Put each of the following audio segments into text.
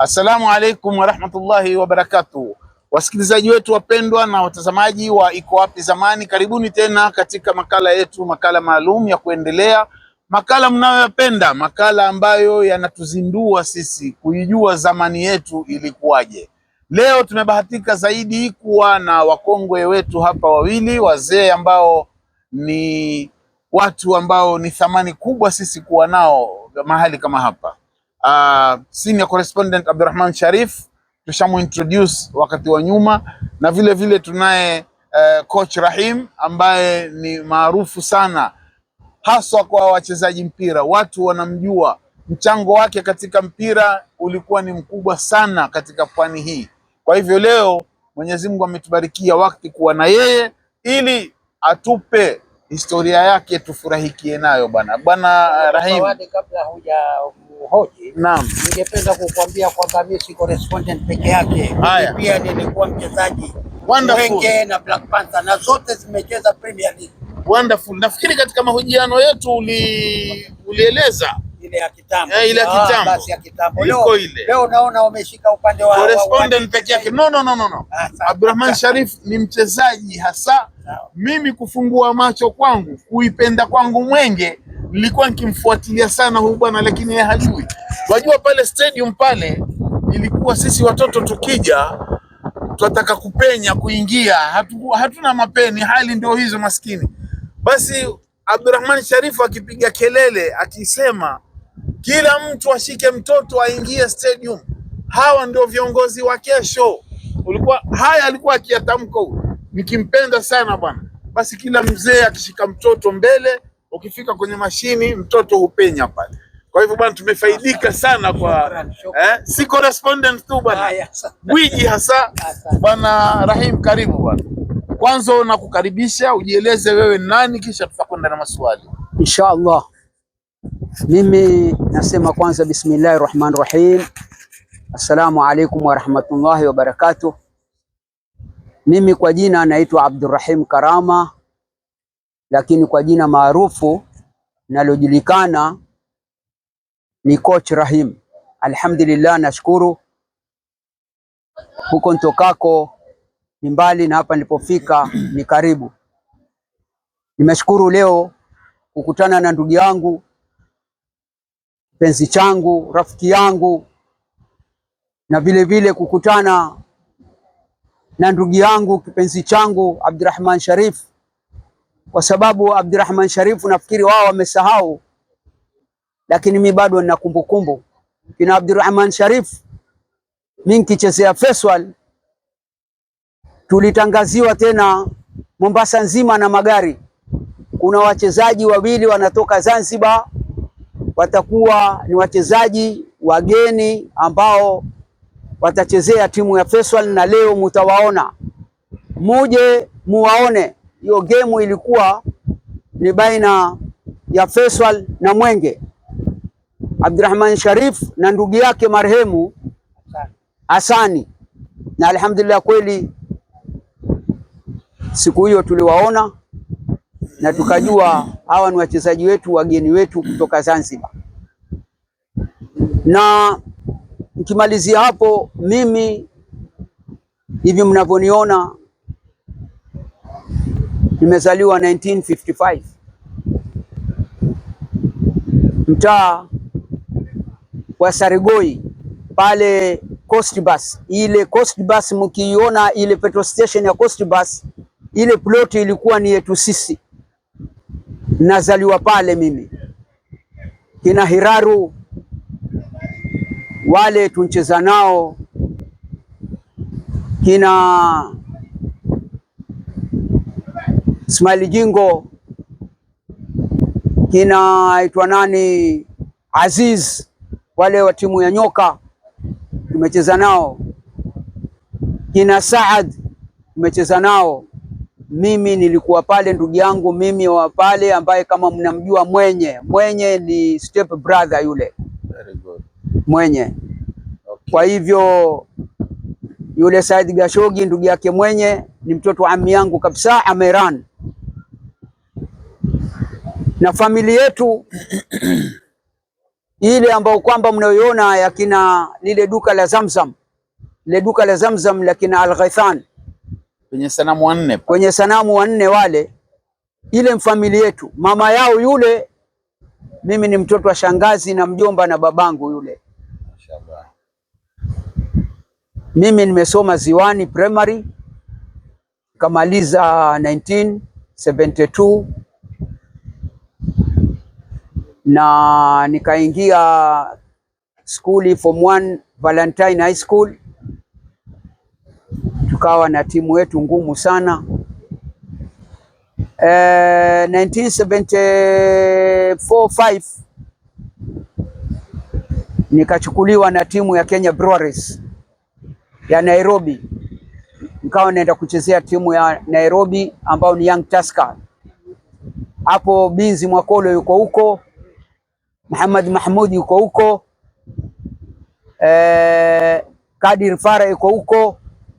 Assalamu alaikum warahmatullahi barakatuh wasikilizaji wetu wapendwa na watazamaji wa Iko Wapi Zamani, karibuni tena katika makala yetu, makala maalum ya kuendelea makala mnayoyapenda, makala ambayo yanatuzindua sisi kuijua zamani yetu ilikuwaje. Leo tumebahatika zaidi kuwa na wakongwe wetu hapa wawili, wazee ambao ni watu ambao ni thamani kubwa sisi kuwa nao mahali kama hapa uh, senior correspondent Abdurrahman Sharif introduce wakati wa nyuma, na vile vile tunaye uh, coach Rahim ambaye ni maarufu sana haswa kwa wachezaji mpira, watu wanamjua. Mchango wake katika mpira ulikuwa ni mkubwa sana katika pwani hii. Kwa hivyo leo Mwenyezi Mungu ametubarikia wakati kuwa na yeye ili atupe historia yake tufurahikie nayo bwana. Bwana eh, Rahim, kabla huja kuhoji. Naam. Ningependa kukuambia kwamba mimi si correspondent peke yake. pia nilikuwa mchezaji Wenge na Black Panther na zote zimecheza Premier League. Wonderful. Nafikiri katika mahojiano yetu uli ulieleza ile ya kitambo. Eh, ile ya ah, kitambo. Basi ya kitambo. Leo ile. Leo naona umeshika upande wa correspondent peke yake. No, no, no, no, no. Abdulrahman Sharif ni mchezaji hasa. Mimi kufungua macho kwangu, kuipenda kwangu Mwenge nilikuwa nikimfuatilia sana huyu bwana, lakini yeye hajui. Wajua pale stadium pale ilikuwa sisi watoto tukija tunataka kupenya kuingia, hatu, hatuna mapeni, hali ndio hizo maskini. Basi Abdurrahman Sharifu akipiga kelele akisema kila mtu ashike mtoto aingie stadium, hawa ndio viongozi wa kesho. Ulikuwa haya alikuwa akiyatamka, nikimpenda sana bwana. Basi kila mzee akishika mtoto mbele ukifika kwenye mashini mtoto hupenya pale. Kwa hivyo bwana, tumefaidika sana kwa eh, si correspondent tu bwana, gwiji hasa bwana Rahim. Karibu bwana, kwanza nakukaribisha ujieleze wewe nani, kisha tutakwenda na maswali insha Allah. Mimi nasema kwanza bismillahi rahmani rahim, assalamu alaikum warahmatullahi wabarakatuh. Mimi kwa jina naitwa Abdurrahim Karama lakini kwa jina maarufu nalojulikana ni Coach Rahim. Alhamdulillah, nashukuru huko ntokako ni mbali na hapa nilipofika ni karibu. Nimeshukuru leo kukutana na ndugu yangu penzi changu rafiki yangu, na vile vile kukutana na ndugu yangu kipenzi changu Abdurrahman Sharif kwa sababu Abdurrahman Sharifu nafikiri wao wamesahau, lakini mi bado nina kumbukumbu kina Abdurrahman sharif Mi nkichezea Festival tulitangaziwa tena Mombasa nzima na magari. Kuna wachezaji wawili wanatoka Zanzibar, watakuwa ni wachezaji wageni ambao watachezea timu ya Festival, na leo mutawaona, muje muwaone hiyo gemu ilikuwa ni baina ya Faisal na Mwenge, Abdurrahman Sharif na ndugu yake marehemu Hasani, na alhamdulillah kweli siku hiyo tuliwaona na tukajua hawa ni wachezaji wetu wageni wetu kutoka Zanzibar. Na nikimalizia hapo, mimi hivi mnavyoniona Nimezaliwa 1955 mtaa wa Sarigoi pale Coast Bus. Ile Coast Bus mkiiona ile petrol station ya Coast Bus, ile plot ilikuwa ni yetu sisi. Nazaliwa pale mimi, kina Hiraru wale tuncheza nao, kina Ismail Jingo, kinaitwa nani, Aziz, wale wa timu ya Nyoka tumecheza nao, kina Saad tumecheza nao. Mimi nilikuwa pale, ndugu yangu mimi wa pale, ambaye kama mnamjua mwenye mwenye ni step brother yule mwenye Kwa hivyo yule Said Gashogi ndugu yake mwenye ni mtoto wa ami yangu kabisa Ameran na familia yetu ile ambayo kwamba mnayoiona yakina lile duka la Zamzam, lile duka la Zamzam la kina al kwenye sanamu wanne, kwenye sanamu wanne wale, ile mfamili yetu, mama yao yule. Mimi ni mtoto wa shangazi na mjomba na babangu yule. Mimi nimesoma Ziwani Primary kamaliza 1972 na nikaingia skuli form 1 Valentine High School, tukawa na timu yetu ngumu sana. Uh, eh, 1974-5 nikachukuliwa na timu ya Kenya Breweries ya Nairobi, nikawa naenda kuchezea timu ya Nairobi ambao ni Young Tusker. Hapo Binzi Mwakolo yuko huko Muhammad Mahmud yuko huko eh, Kadir Fara yuko huko,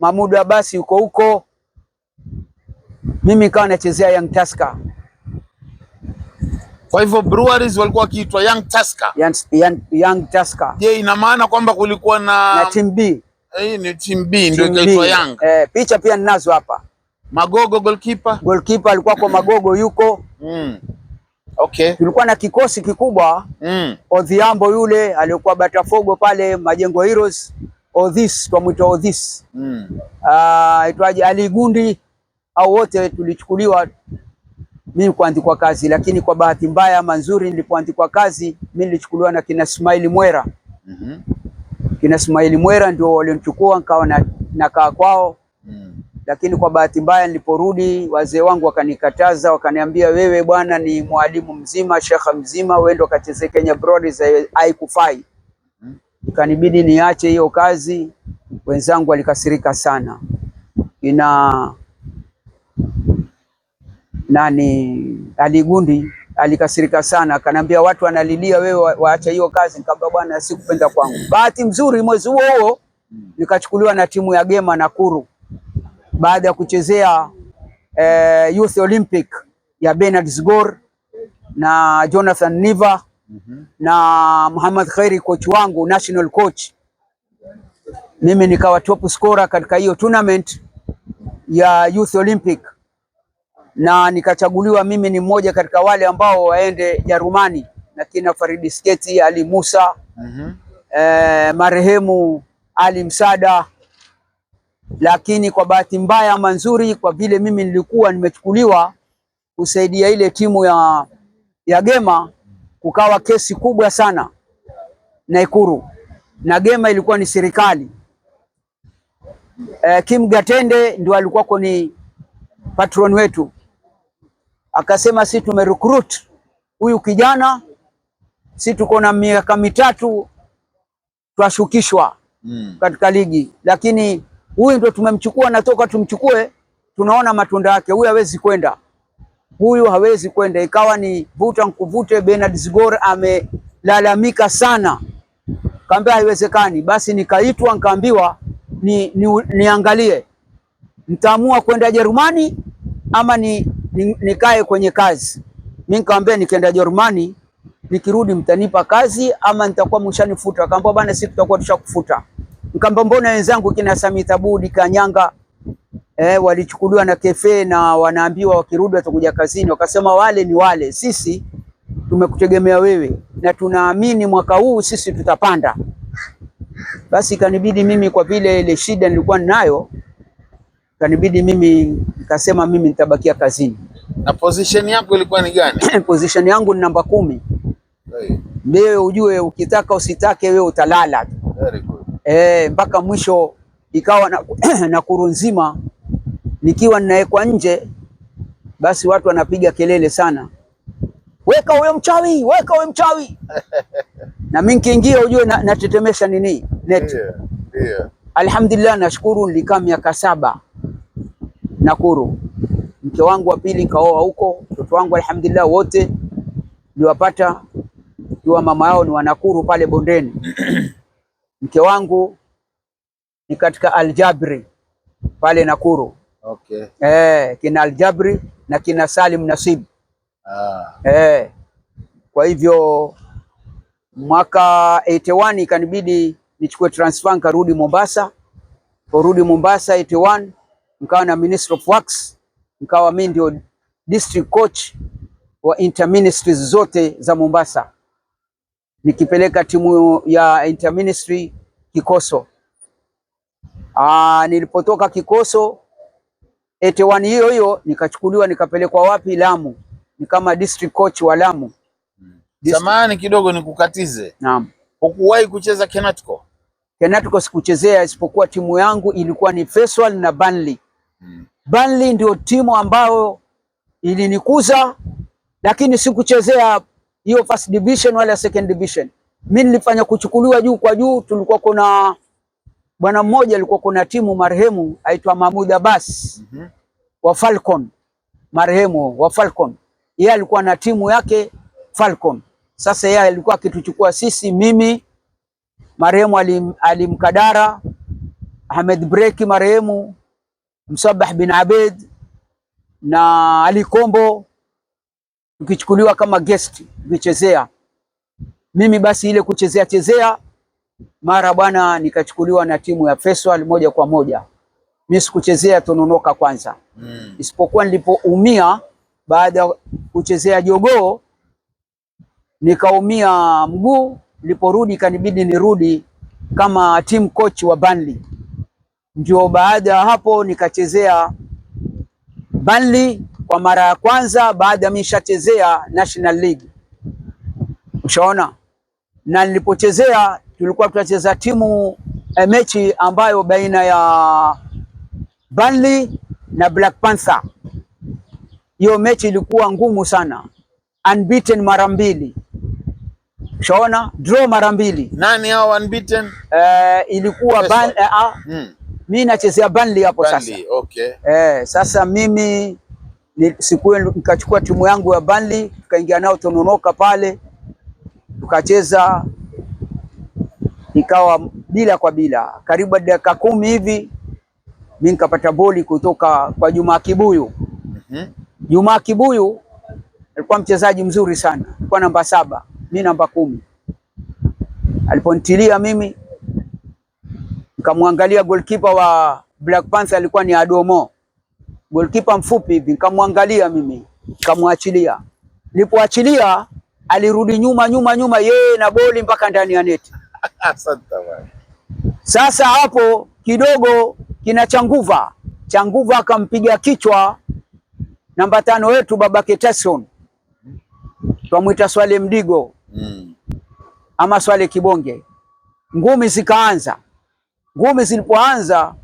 Mahmud Abbas yuko huko. Mimi kawa nachezea Young Tusker. Kwa hivyo Breweries walikuwa wakiitwa Young Tusker. Young, young, Young Tusker. Je, ina maana kwamba kulikuwa na na team B. Eh, ni team B ndio ikaitwa Young. Eh, picha pia ninazo hapa. Magogo goalkeeper. Goalkeeper alikuwa kwa Magogo yuko. Mm. Okay. Tulikuwa na kikosi kikubwa mm. Odhiambo yule aliyokuwa batafogo pale Majengo Heroes, Odhis twamwita Odhis mm. Uh, ah, Aligundi au wote tulichukuliwa, mimi kuandikwa kazi, lakini kwa bahati mbaya ama nzuri, nilipoandikwa kazi mimi nilichukuliwa na kina Ismail Mwera mm -hmm. kina Ismail Mwera ndio walionichukua, nikawa nakaa kwao lakini kwa bahati mbaya niliporudi, wazee wangu wakanikataza, wakaniambia, wewe bwana ni mwalimu mzima, shekha mzima, wewe ndo kacheze Kenya Broads, haikufai. Hmm? Ikanibidi niache hiyo kazi. Wenzangu walikasirika sana. Ina nani Aligundi alikasirika sana, akaniambia watu wanalilia wewe, waacha hiyo kazi. Nikamwambia bwana, sikupenda kwangu. Bahati mzuri, mwezi huo huo hmm. nikachukuliwa na timu ya Gema Nakuru baada ya kuchezea eh, Youth Olympic ya Bernard Sgor na Jonathan Niva mm -hmm. na Muhammad Khairi coach wangu national coach, mimi nikawa top scorer katika hiyo tournament ya Youth Olympic na nikachaguliwa mimi ni mmoja katika wale ambao waende Jarumani na kina Faridi Sketi, Ali Musa mm -hmm. eh, marehemu Ali Msada lakini kwa bahati mbaya ama nzuri, kwa vile mimi nilikuwa nimechukuliwa kusaidia ile timu ya, ya Gema, kukawa kesi kubwa sana na ikuru na Gema ilikuwa ni serikali e, Kim Gatende ndio alikuwa ni patron wetu, akasema si tumerecruit huyu kijana, si tuko na miaka mitatu twashukishwa mm. katika ligi lakini Huyu ndio tumemchukua, natoka tumchukue, tunaona matunda yake. Huyu hawezi kwenda, huyu hawezi kwenda. Ikawa ni vuta nkuvute. Bernard Zigor amelalamika sana, kaambia haiwezekani. Basi nikaitwa nikaambiwa ni, ni, niangalie nitaamua kwenda Jerumani ama ni, ni, nikae kwenye kazi. Mimi nikamwambia nikienda Jerumani nikirudi mtanipa kazi ama nitakuwa mshanifuta. Akaambia bana, sisi tutakuwa tushakufuta mbona wenzangu kina Samita Budi Kanyanga eh, walichukuliwa na kefe na wanaambiwa wakirudi watakuja kazini, wakasema wale ni wale, sisi tumekutegemea wewe na tunaamini mwaka huu sisi tutapanda. Basi kanibidi mimi kwa vile ile shida nilikuwa nayo, kanibidi mimi nikasema mimi nitabakia kazini. Na position yako ilikuwa ni gani? Position yangu ni namba kumi. Ndio ujue, ukitaka usitake, wewe utalala. Very Eh, mpaka mwisho ikawa na, na kuru nzima nikiwa ninawekwa nje, basi watu wanapiga kelele sana, weka huyo mchawi, weka huyo mchawi na mimi nikiingia, ujue natetemesha na nini net yeah, yeah. Alhamdulillah, nashukuru nilikaa miaka saba Nakuru, mke wangu wa pili nikaoa huko, mtoto wangu alhamdulillah wote niwapata kiwa mama yao ni wanakuru pale bondeni Mke wangu ni katika Aljabri pale Nakuru. Okay. Eh, kina Aljabri na kina Salim Nasib. Ah. Eh, kwa hivyo mwaka 81 ikanibidi nichukue transfer nikarudi Mombasa. Porudi Mombasa 81 nikawa na Minister of Works, nikawa mimi ndio district coach wa interministries zote za Mombasa nikipeleka timu ya Inter Ministry Kikoso. Ah, nilipotoka Kikoso 81 hiyo hiyo nikachukuliwa nikapelekwa wapi? Lamu, ni kama district coach wa Lamu. Zamani kidogo nikukatize. Naam. Hukuwahi kucheza Kenatico? Kenatico sikuchezea, isipokuwa timu yangu ilikuwa ni Feswal na Burnley. Hmm. Burnley ndio timu ambayo ilinikuza, lakini sikuchezea hiyo first division wala second division. Mimi nilifanya kuchukuliwa juu kwa juu, tulikuwa kuna bwana mmoja alikuwa kuna timu marehemu aitwa Mahmud Abbas mm -hmm. wa Falcon, marehemu wa Falcon, yeye alikuwa na timu yake Falcon. Sasa yeye alikuwa akituchukua sisi, mimi marehemu alim, Alimkadara Ahmed Breki marehemu Msabah bin Abed na Ali Kombo ukichukuliwa kama guest ukichezea. Mimi basi ile kuchezea chezea, mara bwana nikachukuliwa na timu ya Feisal moja kwa moja. Mimi sikuchezea Tononoka kwanza mm. isipokuwa nilipoumia baada ya kuchezea Jogoo nikaumia mguu, niliporudi kanibidi nirudi kama team coach wa Burnley. Ndio baada ya hapo nikachezea Burnley kwa mara ya kwanza baada ya mimi shachezea National League. Ushaona? Na nilipochezea tulikuwa tunacheza timu eh, mechi ambayo baina ya Burnley na Black Panther. Hiyo mechi ilikuwa ngumu sana, unbeaten mara mbili. Ushaona? Draw mara mbili. Nani hao unbeaten? Eh, ilikuwa ban, eh, ah, ah. Hmm. Mimi nachezea Burnley hapo sasa. Okay. Eh, sasa mimi hiyo nikachukua timu yangu ya Burnley tukaingia nao Tononoka pale tukacheza, ikawa bila kwa bila, karibu dakika kumi hivi mimi nikapata boli kutoka kwa Juma Kibuyu. Mm-hmm. Juma Kibuyu alikuwa mchezaji mzuri sana, alikuwa namba saba, mimi namba kumi. Aliponitilia mimi nikamwangalia goalkeeper wa Black Panther alikuwa ni Adomo golkipa mfupi hivi, nikamwangalia mimi, nikamwachilia. Nilipoachilia alirudi nyuma nyuma nyuma, yeye na boli mpaka ndani ya neti. Sasa hapo kidogo kina Changuva, Changuva akampiga kichwa namba tano wetu baba Tyson, twamwita Swale Mdigo mm. ama Swale Kibonge. Ngumi zikaanza, ngumi zilipoanza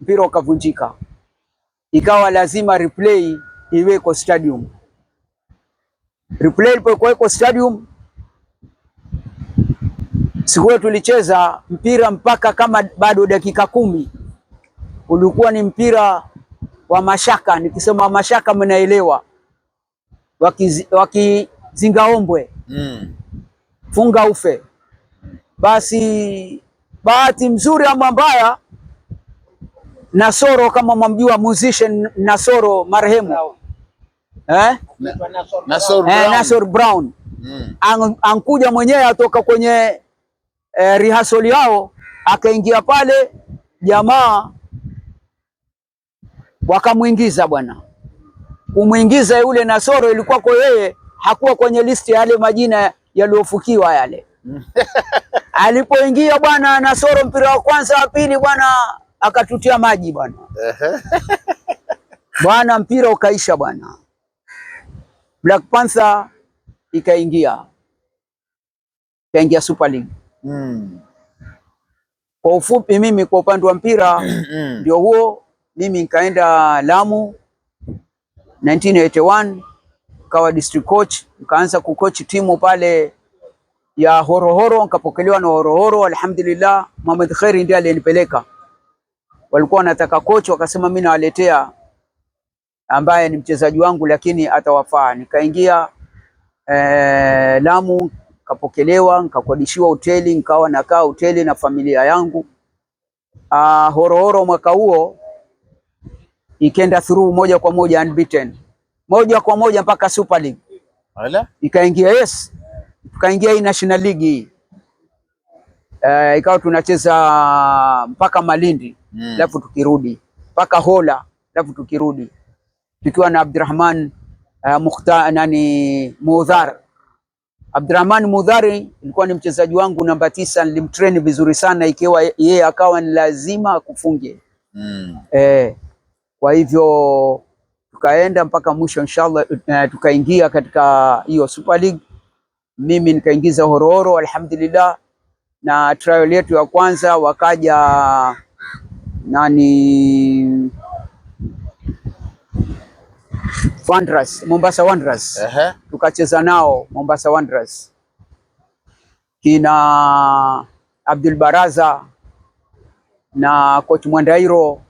mpira ukavunjika ikawa lazima replay iweko stadium. Replay ilipokuweko stadium, siku tulicheza mpira mpaka kama bado dakika kumi, ulikuwa ni mpira wa mashaka. Nikisema mashaka, mnaelewa, wakizingaombwe waki mm. funga ufe. Basi bahati mzuri ama mbaya Nasoro kama mwamjua musician Nasoro marehemu eh? Nasoro eh, Brown, Nasoro Brown. Mm. Ang, ankuja mwenyewe atoka kwenye eh, rehearsal yao akaingia pale jamaa wakamwingiza bwana. Kumwingiza yule Nasoro ilikuwa kwa yeye hakuwa kwenye listi ya yale majina yaliyofukiwa yale. Mm. Alipoingia bwana Nasoro, mpira wa kwanza wa pili bwana akatutia maji bwana bwana, mpira ukaisha bwana, Black Panther ikaingia ikaingia Super League mm. Kwa ufupi mimi kwa upande wa mpira hmm. ndio huo. Mimi nikaenda Lamu 1981 kawa district coach, nikaanza kukochi timu pale ya Horohoro, nikapokelewa na Horohoro, alhamdulillah. Mohamed Khairi ndiye aliyenipeleka walikuwa wanataka kocha, wakasema mimi nawaletea ambaye ni mchezaji wangu, lakini atawafaa. Nikaingia eh, Lamu, kapokelewa, nikakodishiwa hoteli, nikawa nakaa hoteli na familia yangu. Ah, horohoro mwaka huo ikenda through moja kwa moja unbeaten, moja kwa moja mpaka Super League ikaingia. Yes, tukaingia hii National League hii, eh, ikawa tunacheza mpaka Malindi Hmm. alafu mm. tukirudi mpaka Hola alafu tukirudi tukiwa na Abdurrahman uh, Mukhta nani Mudhar. Abdurrahman Mudhari ilikuwa ni mchezaji wangu namba tisa, nilimtrain vizuri sana, ikiwa yeye akawa ni lazima akufunge mm. eh, kwa hivyo tukaenda mpaka mwisho inshallah. Uh, tukaingia katika hiyo Super League, mimi nikaingiza Horohoro, alhamdulillah, na trial yetu ya kwanza wakaja nani Wanderers, Mombasa Wanderers. Uh -huh. Tukacheza nao Mombasa Wanderers. Kina Abdul Baraza na coach Mwandairo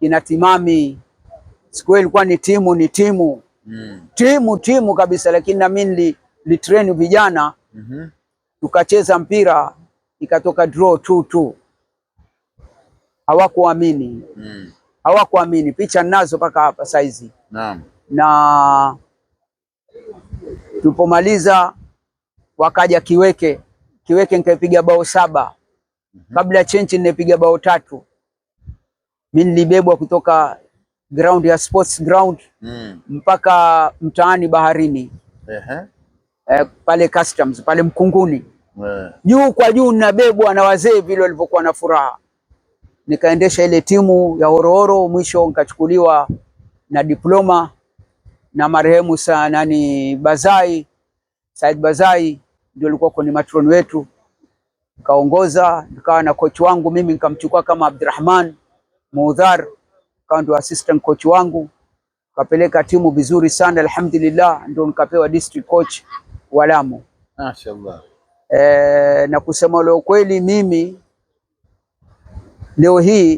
kina Timami. Siku hiyo ilikuwa ni timu ni timu mm. timu timu kabisa, lakini na mimi train vijana mm -hmm. tukacheza mpira ikatoka draw 2-2 hawakuamini mm. hawakuamini picha nazo mpaka hapa saizi naam. na tupomaliza wakaja kiweke kiweke, nikaipiga bao saba mm -hmm. kabla ya chenchi nimepiga bao tatu. Mimi nilibebwa kutoka ground ya sports ground mm. mpaka mtaani baharini uh eh, -huh. pale customs pale Mkunguni eh. juu uh -huh. kwa juu ninabebwa na wazee vile walivyokuwa na furaha nikaendesha ile timu ya Horohoro, mwisho nikachukuliwa na diploma na marehemu sana nani Bazai Said Bazai ndio alikuwa kwenye matron wetu, kaongoza nikawa na coach wangu mimi, nikamchukua kama Abdurrahman Mudhar kawa ndio assistant coach wangu, kapeleka timu vizuri sana alhamdulillah, ndio nikapewa district coach wa Lamu. Mashaallah. Eh, na kusema leo kweli mimi Leo hii